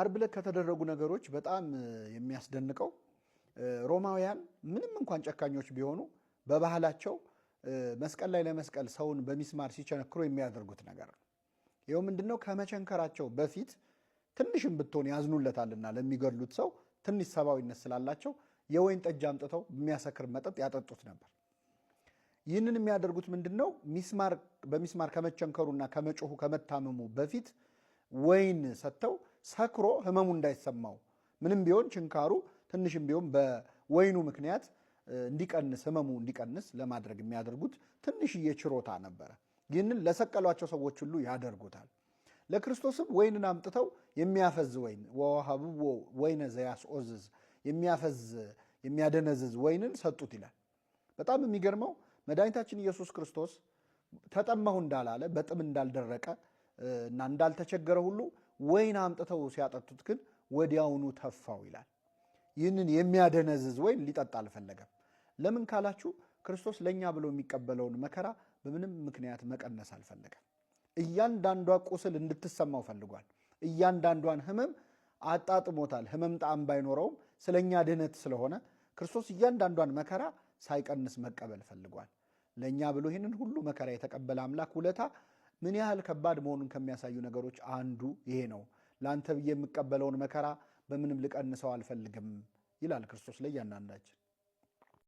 አርብ ዕለት ከተደረጉ ነገሮች በጣም የሚያስደንቀው ሮማውያን ምንም እንኳን ጨካኞች ቢሆኑ በባህላቸው መስቀል ላይ ለመስቀል ሰውን በሚስማር ሲቸነክሩ የሚያደርጉት ነገር ነው። ይኸው ምንድን ነው? ከመቸንከራቸው በፊት ትንሽም ብትሆን ያዝኑለታልና ለሚገድሉት ሰው ትንሽ ሰብአዊነት ስላላቸው የወይን ጠጅ አምጥተው የሚያሰክር መጠጥ ያጠጡት ነበር። ይህንን የሚያደርጉት ምንድን ነው? በሚስማር ከመቸንከሩና ከመጮሁ ከመታመሙ በፊት ወይን ሰጥተው ሰክሮ ህመሙ እንዳይሰማው ምንም ቢሆን ችንካሩ ትንሽም ቢሆን በወይኑ ምክንያት እንዲቀንስ ህመሙ እንዲቀንስ ለማድረግ የሚያደርጉት ትንሽዬ ችሮታ ነበረ። ይህንን ለሰቀሏቸው ሰዎች ሁሉ ያደርጉታል። ለክርስቶስም ወይንን አምጥተው የሚያፈዝ ወይን ወሀብቦ ወይነ ዘያስኦዝዝ የሚያፈዝ የሚያደነዝዝ ወይንን ሰጡት ይላል። በጣም የሚገርመው መድኃኒታችን ኢየሱስ ክርስቶስ ተጠማሁ እንዳላለ በጥም እንዳልደረቀ እና እንዳልተቸገረ ሁሉ ወይን አምጥተው ሲያጠጡት ግን ወዲያውኑ ተፋው ይላል። ይህንን የሚያደነዝዝ ወይን ሊጠጣ አልፈለገም። ለምን ካላችሁ ክርስቶስ ለእኛ ብሎ የሚቀበለውን መከራ በምንም ምክንያት መቀነስ አልፈለገም። እያንዳንዷ ቁስል እንድትሰማው ፈልጓል። እያንዳንዷን ህመም አጣጥሞታል። ህመም ጣዕም ባይኖረውም ስለ እኛ ድህነት ስለሆነ ክርስቶስ እያንዳንዷን መከራ ሳይቀንስ መቀበል ፈልጓል። ለእኛ ብሎ ይህንን ሁሉ መከራ የተቀበለ አምላክ ውለታ ምን ያህል ከባድ መሆኑን ከሚያሳዩ ነገሮች አንዱ ይሄ ነው። ለአንተ ብዬ የምቀበለውን መከራ በምንም ልቀንሰው አልፈልግም ይላል ክርስቶስ ለእያንዳንዳችን።